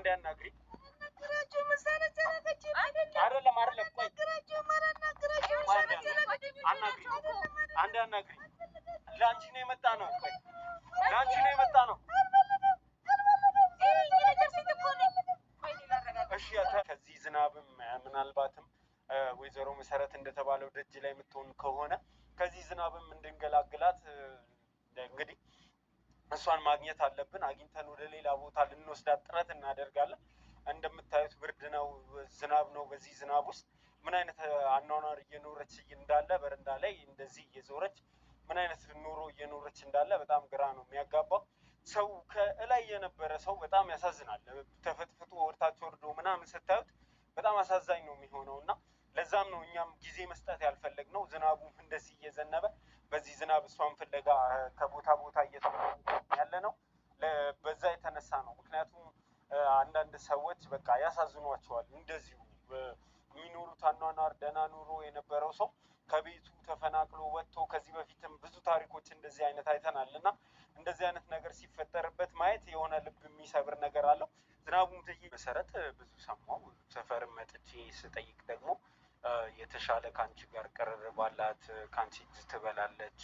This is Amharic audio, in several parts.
አንድ ያናግሪኝ። አንድ ያናግሪኝ። ለአንቺ ነው የመጣ ነው። ቆይ ለአንቺ ነው የመጣ ነው። እሺ፣ ከዚህ ዝናብም ምናልባትም ወይዘሮ መሰረት እንደተባለው ደጅ ላይ የምትሆን ከሆነ ከዚህ ዝናብም እንድንገላግላት እንግዲህ እሷን ማግኘት አለብን። አግኝተን ወደ ሌላ ቦታ ልንወስዳት ጥረት እናደርጋለን። እንደምታዩት ብርድ ነው፣ ዝናብ ነው። በዚህ ዝናብ ውስጥ ምን አይነት አኗኗር እየኖረች እንዳለ በረንዳ ላይ እንደዚህ እየዞረች ምን አይነት ኑሮ እየኖረች እንዳለ በጣም ግራ ነው የሚያጋባው። ሰው ከእላይ የነበረ ሰው በጣም ያሳዝናል። ተፈጥፍጡ ወርታች ወርዶ ምናምን ስታዩት በጣም አሳዛኝ ነው የሚሆነው እና ለዛም ነው እኛም ጊዜ መስጠት ያልፈለግ ነው። ዝናቡ እንደዚህ እየዘነበ በዚህ ዝናብ እሷን ፍለጋ ከቦታ ቦታ በቃ ያሳዝኗቸዋል። እንደዚሁ የሚኖሩት አኗኗር ደህና ኑሮ የነበረው ሰው ከቤቱ ተፈናቅሎ ወጥቶ ከዚህ በፊትም ብዙ ታሪኮች እንደዚህ አይነት አይተናል እና እንደዚህ አይነት ነገር ሲፈጠርበት ማየት የሆነ ልብ የሚሰብር ነገር አለው። ዝናቡም ትይ መሰረት ብዙ ሰማው። ሰፈር መጥቼ ስጠይቅ ደግሞ የተሻለ ከአንቺ ጋር ቅርርብ አላት፣ ከአንቺ እጅ ትበላለች፣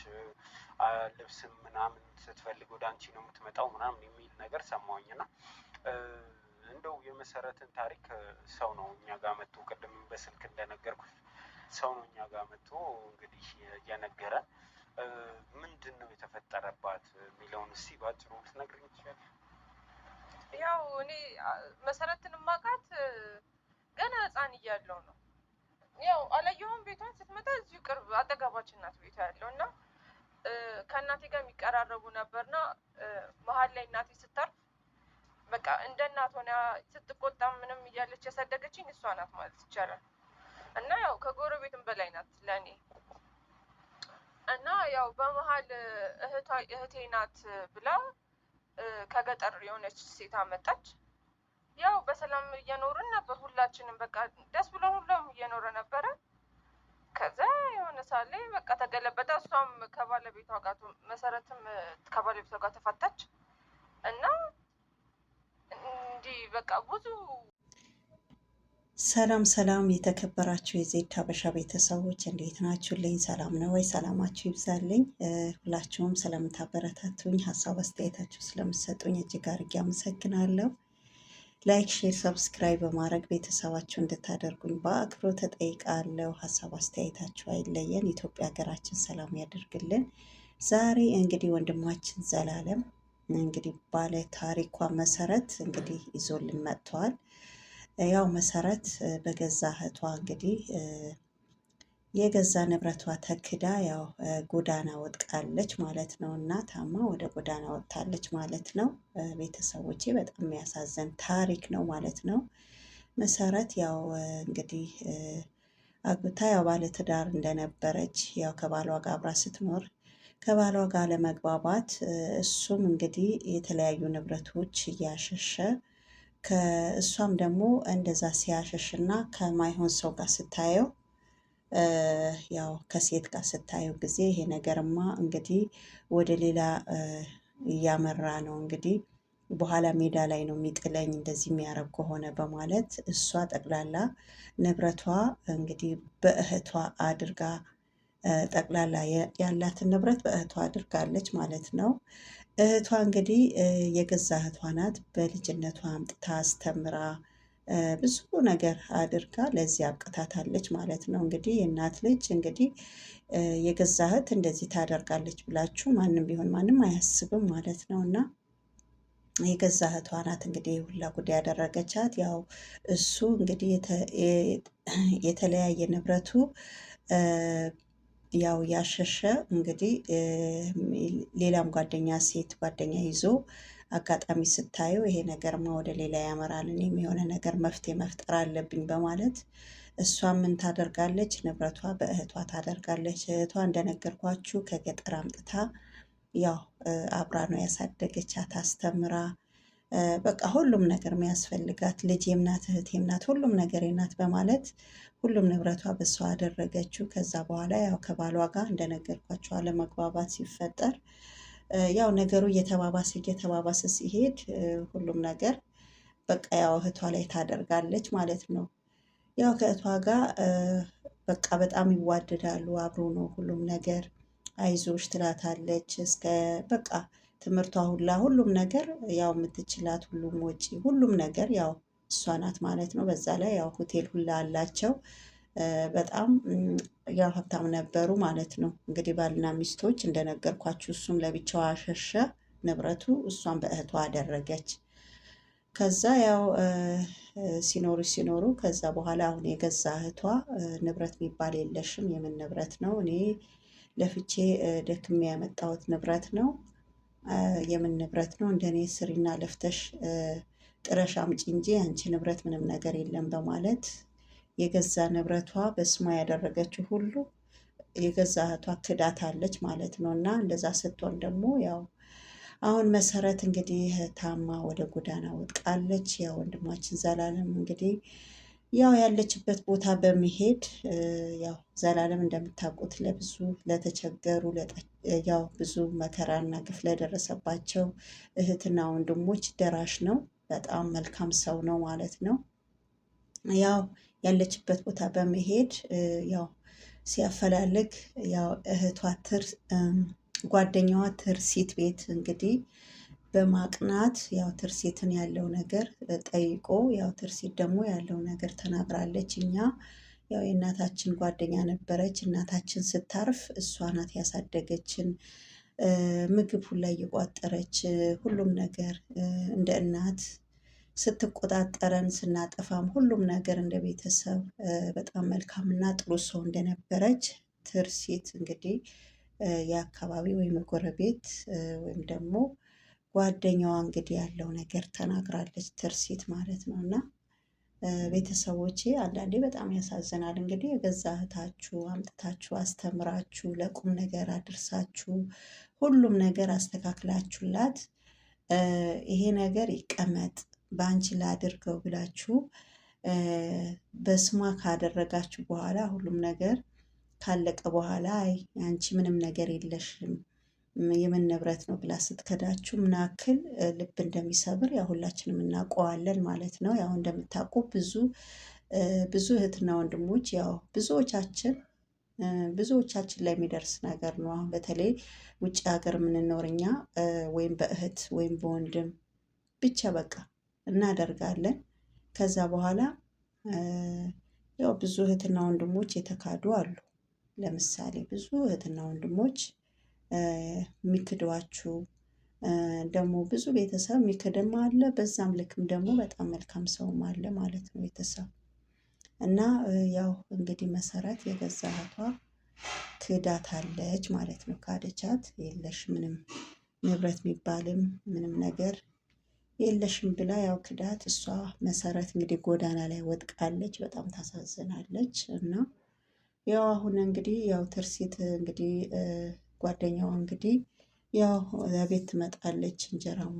ልብስም ምናምን ስትፈልግ ወደ አንቺ ነው የምትመጣው ምናምን የሚል ነገር ሰማሁኝ እንደው የመሰረትን ታሪክ ሰው ነው እኛ ጋር መጥቶ ቅድም በስልክ እንደነገርኩት ሰው ነው እኛ ጋር መጥቶ እንግዲህ እየነገረ ምንድን ነው የተፈጠረባት የሚለውን እስቲ ባጭሩ ልትነግሪኝ ትችያለሽ? ያው እኔ መሰረትን ማቃት ገና ህፃን እያለው ነው። ያው አላየሁም። ቤቷን ስትመጣ እዚሁ ቅርብ አጠገባችን ናት ቤቷ ያለው እና ከእናቴ ጋር የሚቀራረቡ ነበርና መሀል ላይ እናቴ ስታርፍ በቃ እንደ እናት ሆና ስትቆጣ ምንም እያለች ያሳደገችኝ እሷ ናት ማለት ይቻላል። እና ያው ከጎረቤትም በላይ ናት ለእኔ እና ያው በመሀል እህቴ ናት ብላ ከገጠር የሆነች ሴት አመጣች። ያው በሰላም እየኖርን ነበር ሁላችንም በቃ ደስ ብሎ ሁሉም እየኖረ ነበረ። ከዛ የሆነ ሳሌ በቃ ተገለበጠ። እሷም ከባለቤቷ ጋር መሰረትም ከባለቤቷ ጋር ተፋታች እና እንጂ በቃ ብዙ ሰላም ሰላም፣ የተከበራችሁ የዜድ ሀበሻ ቤተሰቦች እንዴት ልኝ ሰላም ነው ወይ? ሰላማችሁ ይብዛልኝ። ሁላችሁም ስለምታበረታቱኝ፣ ሀሳብ አስተያየታችሁ ስለምትሰጡኝ እጅግ አድርጌ አመሰግናለሁ። ላይክ፣ ሼር፣ ሰብስክራይብ በማድረግ ቤተሰባችሁ እንድታደርጉኝ በአክብሮ ተጠይቃለሁ። ሀሳብ አስተያየታችሁ አይለየን። ኢትዮጵያ ሀገራችን ሰላም ያደርግልን። ዛሬ እንግዲህ ወንድማችን ዘላለም እንግዲህ ባለ ታሪኳ መሰረት እንግዲህ ይዞልን መጥተዋል። ያው መሰረት በገዛ እህቷ እንግዲህ የገዛ ንብረቷ ተክዳ ያው ጎዳና ወጥቃለች ማለት ነው እና ታማ ወደ ጎዳና ወጥታለች ማለት ነው። ቤተሰቦቼ በጣም የሚያሳዘን ታሪክ ነው ማለት ነው። መሰረት ያው እንግዲህ አግብታ ያው ባለትዳር እንደነበረች ያው ከባሏ ጋር አብራ ስትኖር ከባሏ ጋር ለመግባባት እሱም እንግዲህ የተለያዩ ንብረቶች እያሸሸ ከእሷም ደግሞ እንደዛ ሲያሸሽና ከማይሆን ሰው ጋር ስታየው ያው ከሴት ጋር ስታየው ጊዜ ይሄ ነገርማ እንግዲህ ወደ ሌላ እያመራ ነው እንግዲህ በኋላ ሜዳ ላይ ነው የሚጥለኝ እንደዚህ የሚያደርግ ከሆነ በማለት እሷ ጠቅላላ ንብረቷ እንግዲህ በእህቷ አድርጋ ጠቅላላ ያላትን ንብረት በእህቷ አድርጋለች ማለት ነው። እህቷ እንግዲህ የገዛ እህቷ ናት። በልጅነቷ አምጥታ አስተምራ ብዙ ነገር አድርጋ ለዚህ አብቅታታለች ማለት ነው። እንግዲህ የእናት ልጅ እንግዲህ የገዛ እህት እንደዚህ ታደርጋለች ብላችሁ ማንም ቢሆን ማንም አያስብም ማለት ነው እና የገዛ እህቷ ናት እንግዲህ ሁላ ጉዳይ ያደረገቻት። ያው እሱ እንግዲህ የተለያየ ንብረቱ ያው ያሸሸ እንግዲህ ሌላም ጓደኛ ሴት ጓደኛ ይዞ አጋጣሚ ስታዩ ይሄ ነገርማ ወደ ሌላ ያመራል፣ እኔም የሆነ ነገር መፍትሄ መፍጠር አለብኝ በማለት እሷ ምን ታደርጋለች? ንብረቷ በእህቷ ታደርጋለች። እህቷ እንደነገርኳችሁ ከገጠር አምጥታ ያው አብራ ነው ያሳደገቻት አስተምራ በቃ ሁሉም ነገር የሚያስፈልጋት ልጅ የምናት እህት የምናት ሁሉም ነገር የምናት በማለት ሁሉም ንብረቷ በሷ አደረገችው። ከዛ በኋላ ያው ከባሏ ጋር እንደነገርኳቸው አለመግባባት ሲፈጠር ያው ነገሩ እየተባባሰ እየተባባሰ ሲሄድ ሁሉም ነገር በቃ ያው እህቷ ላይ ታደርጋለች ማለት ነው። ያው ከእህቷ ጋር በቃ በጣም ይዋደዳሉ። አብሮ ነው ሁሉም ነገር አይዞሽ ትላታለች እስከ በቃ ትምህርቷ ሁላ ሁሉም ነገር ያው የምትችላት ሁሉም ወጪ ሁሉም ነገር ያው እሷ ናት ማለት ነው። በዛ ላይ ያው ሆቴል ሁላ አላቸው። በጣም ያው ሀብታም ነበሩ ማለት ነው። እንግዲህ ባልና ሚስቶች እንደነገርኳችሁ እሱም ለብቻዋ ሸሸ ንብረቱ፣ እሷን በእህቷ አደረገች። ከዛ ያው ሲኖሩ ሲኖሩ ከዛ በኋላ አሁን የገዛ እህቷ ንብረት የሚባል የለሽም፣ የምን ንብረት ነው? እኔ ለፍቼ ደክሜ ያመጣሁት ንብረት ነው የምን ንብረት ነው እንደኔ ስሪና ለፍተሽ ጥረሽ አምጪ እንጂ አንቺ ንብረት ምንም ነገር የለም በማለት የገዛ ንብረቷ በስሟ ያደረገችው ሁሉ የገዛ እህቷ ክዳታለች ማለት ነው። እና እንደዛ ስትሆን ደግሞ ያው አሁን መሰረት እንግዲህ ታማ ወደ ጎዳና ወጥቃለች። ያው ወንድማችን ዘላለም እንግዲህ ያው ያለችበት ቦታ በመሄድ ያው ዘላለም እንደምታውቁት ለብዙ ለተቸገሩ ያው ብዙ መከራና ግፍ ለደረሰባቸው እህትና ወንድሞች ደራሽ ነው። በጣም መልካም ሰው ነው ማለት ነው። ያው ያለችበት ቦታ በመሄድ ያው ሲያፈላልግ ያው እህቷ ጓደኛዋ ትርሲት ቤት እንግዲህ በማቅናት ያው ትርሲትን ያለው ነገር ጠይቆ ያው ትርሲት ደግሞ ያለው ነገር ተናግራለች። እኛ ያው የእናታችን ጓደኛ ነበረች። እናታችን ስታርፍ እሷ ናት ያሳደገችን። ምግብ ሁላ እየቋጠረች ሁሉም ነገር እንደ እናት ስትቆጣጠረን ስናጠፋም ሁሉም ነገር እንደ ቤተሰብ በጣም መልካምና ጥሩ ሰው እንደነበረች ትርሲት እንግዲህ የአካባቢ ወይም ጎረቤት ወይም ደግሞ ጓደኛዋ እንግዲህ ያለው ነገር ተናግራለች ትርሲት ማለት ነው። እና ቤተሰቦቼ አንዳንዴ በጣም ያሳዝናል። እንግዲህ የገዛ እህታችሁ አምጥታችሁ አስተምራችሁ ለቁም ነገር አድርሳችሁ ሁሉም ነገር አስተካክላችሁላት ይሄ ነገር ይቀመጥ በአንቺ ላድርገው ብላችሁ በስሟ ካደረጋችሁ በኋላ ሁሉም ነገር ካለቀ በኋላ አይ አንቺ ምንም ነገር የለሽም የምን ንብረት ነው ብላ ስትከዳችሁ ያክል ልብ እንደሚሰብር ያው ሁላችንም እናውቀዋለን ማለት ነው። ያው እንደምታውቁ ብዙ ብዙ እህትና ወንድሞች ያው ብዙዎቻችን ብዙዎቻችን ላይ የሚደርስ ነገር ነው። አሁን በተለይ ውጭ ሀገር የምንኖር እኛ ወይም በእህት ወይም በወንድም ብቻ በቃ እናደርጋለን። ከዛ በኋላ ያው ብዙ እህትና ወንድሞች የተካዱ አሉ። ለምሳሌ ብዙ እህትና ወንድሞች የሚክዷችሁ ደግሞ ብዙ ቤተሰብ የሚክድም አለ። በዛም ልክም ደግሞ በጣም መልካም ሰውም አለ ማለት ነው ቤተሰብ እና ያው እንግዲህ መሰረት የገዛ እህቷ ክዳታለች ማለት ነው። ካደቻት የለሽ ምንም ንብረት የሚባልም ምንም ነገር የለሽም ብላ ያው ክዳት እሷ መሰረት እንግዲህ ጎዳና ላይ ወጥቃለች። በጣም ታሳዝናለች። እና ያው አሁን እንግዲህ ያው ትርሲት እንግዲህ ጓደኛዋ እንግዲህ ያው ቤት ትመጣለች። እንጀራም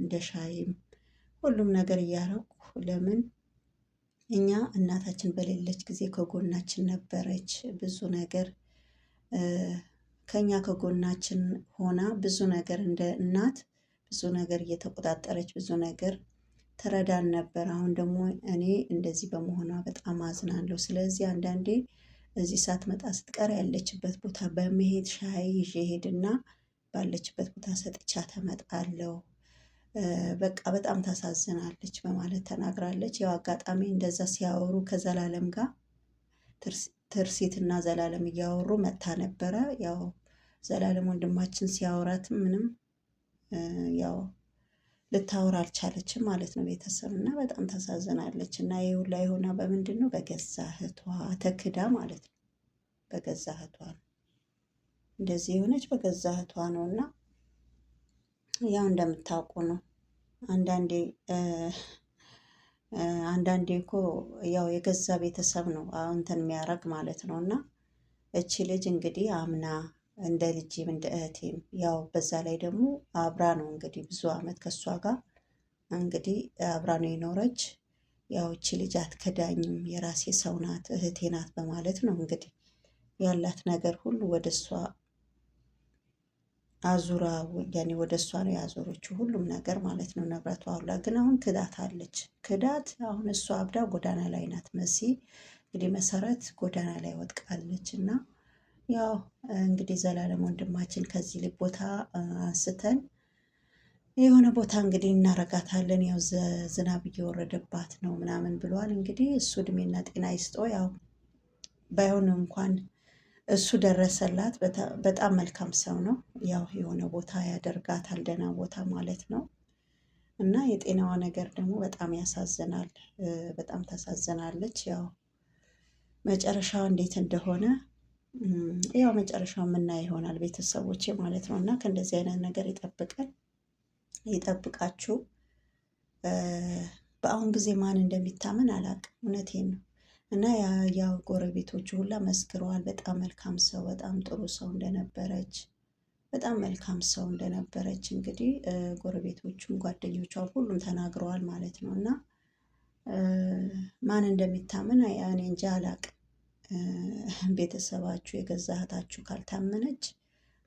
እንደ ሻይም ሁሉም ነገር እያረኩ ለምን እኛ እናታችን በሌለች ጊዜ ከጎናችን ነበረች። ብዙ ነገር ከኛ ከጎናችን ሆና ብዙ ነገር እንደ እናት ብዙ ነገር እየተቆጣጠረች ብዙ ነገር ትረዳን ነበር። አሁን ደግሞ እኔ እንደዚህ በመሆኗ በጣም አዝናለሁ። ስለዚህ አንዳንዴ እዚህ ሳትመጣ ስትቀር ያለችበት ቦታ በመሄድ ሻይ ይዤ ሄድና ባለችበት ቦታ ሰጥቻ ተመጣለው። በቃ በጣም ታሳዝናለች በማለት ተናግራለች። ያው አጋጣሚ እንደዛ ሲያወሩ ከዘላለም ጋር ትርሲትና ዘላለም እያወሩ መታ ነበረ። ያው ዘላለም ወንድማችን ሲያወራትም ምንም ያው ልታወራ አልቻለችም ማለት ነው። ቤተሰብ እና በጣም ታሳዝናለች። እና ይህ ሁላ የሆነ በምንድን ነው? በገዛ እህቷ ተክዳ ማለት ነው። በገዛ እህቷ ነው እንደዚህ የሆነች በገዛ እህቷ ነው። እና ያው እንደምታውቁ ነው። አንዳንዴ አንዳንዴ እኮ ያው የገዛ ቤተሰብ ነው አሁን እንትን የሚያደርግ ማለት ነው። እና እቺ ልጅ እንግዲህ አምና እንደ ልጅም እንደ እህቴም ያው በዛ ላይ ደግሞ አብራ ነው እንግዲህ ብዙ አመት ከእሷ ጋር እንግዲህ አብራ ነው የኖረች። ያው እቺ ልጅ አትከዳኝም፣ የራሴ ሰው ናት፣ እህቴ ናት በማለት ነው እንግዲህ ያላት ነገር ሁሉ ወደ እሷ አዙራ ያኔ ወደ እሷ ነው ያዞረችው ሁሉም ነገር ማለት ነው። ንብረቷ ሁላ ግን አሁን ክዳት አለች። ክዳት አሁን እሷ አብዳ ጎዳና ላይ ናት። መሲ እንግዲህ መሰረት ጎዳና ላይ ወጥቃለች እና ያው እንግዲህ ዘላለም ወንድማችን ከዚህ ልብ ቦታ አንስተን የሆነ ቦታ እንግዲህ እናረጋታለን። ያው ዝናብ እየወረደባት ነው ምናምን ብሏል። እንግዲህ እሱ እድሜና ጤና ይስጦ። ያው ባይሆን እንኳን እሱ ደረሰላት። በጣም መልካም ሰው ነው። ያው የሆነ ቦታ ያደርጋታል፣ ደህና ቦታ ማለት ነው። እና የጤናዋ ነገር ደግሞ በጣም ያሳዝናል። በጣም ታሳዝናለች። ያው መጨረሻዋ እንዴት እንደሆነ ያው መጨረሻው የምናየው ይሆናል ቤተሰቦቼ ማለት ነው። እና ከእንደዚህ አይነት ነገር ይጠብቀን ይጠብቃችሁ። በአሁን ጊዜ ማን እንደሚታመን አላቅ እውነቴን ነው። እና ያው ጎረቤቶቹ ሁላ መስክረዋል። በጣም መልካም ሰው፣ በጣም ጥሩ ሰው እንደነበረች በጣም መልካም ሰው እንደነበረች እንግዲህ ጎረቤቶቹም ጓደኞቿም ሁሉም ተናግረዋል ማለት ነው። እና ማን እንደሚታመን እኔ እንጃ አላውቅም። ቤተሰባችሁ የገዛ እህታችሁ ካልታመነች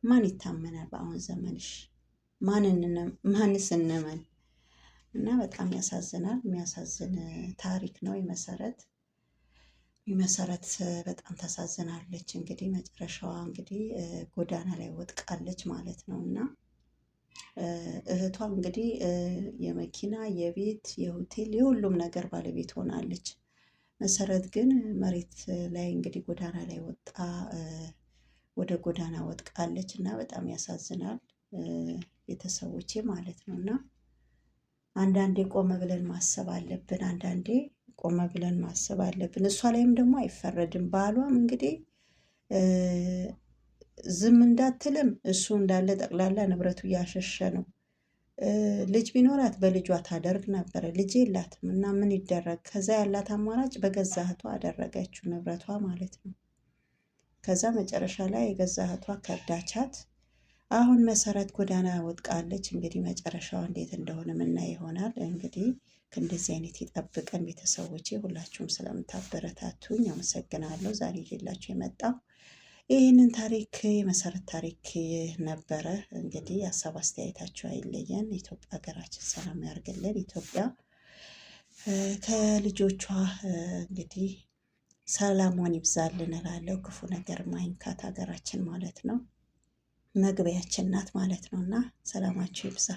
ማን ይታመናል? በአሁን ዘመንሽ ማንስ እንመን? እና በጣም ያሳዝናል። የሚያሳዝን ታሪክ ነው። የመሰረት የመሰረት በጣም ታሳዝናለች። እንግዲህ መጨረሻዋ እንግዲህ ጎዳና ላይ ወጥቃለች ማለት ነው እና እህቷም እንግዲህ የመኪና የቤት የሆቴል የሁሉም ነገር ባለቤት ሆናለች። መሰረት ግን መሬት ላይ እንግዲህ ጎዳና ላይ ወጣ ወደ ጎዳና ወጥቃለች እና በጣም ያሳዝናል። ቤተሰቦቼ ማለት ነው እና አንዳንዴ ቆመ ብለን ማሰብ አለብን። አንዳንዴ ቆመ ብለን ማሰብ አለብን። እሷ ላይም ደግሞ አይፈረድም። ባሏም እንግዲህ ዝም እንዳትልም እሱ እንዳለ ጠቅላላ ንብረቱ እያሸሸ ነው። ልጅ ቢኖራት በልጇ ታደርግ ነበረ። ልጅ የላትም እና ምን ይደረግ? ከዛ ያላት አማራጭ በገዛ እህቷ አደረገችው ንብረቷ ማለት ነው። ከዛ መጨረሻ ላይ የገዛ እህቷ ከዳቻት። አሁን መሰረት ጎዳና ወጥቃለች። እንግዲህ መጨረሻው እንዴት እንደሆነ ምና ይሆናል። እንግዲህ ከእንደዚህ አይነት የጠብቀን ቤተሰቦቼ፣ ሁላችሁም ስለምታበረታቱኝ አመሰግናለሁ። ዛሬ ሌላችሁ የመጣው ይህንን ታሪክ የመሰረት ታሪክ ነበረ። እንግዲህ ሀሳብ አስተያየታቸው አይለየን። ኢትዮጵያ ሀገራችን ሰላም ያርግልን። ኢትዮጵያ ከልጆቿ እንግዲህ ሰላሟን ይብዛልን እላለሁ። ክፉ ነገር ማይንካት ሀገራችን ማለት ነው። መግቢያችን ናት ማለት ነው እና ሰላማቸው ይብዛ።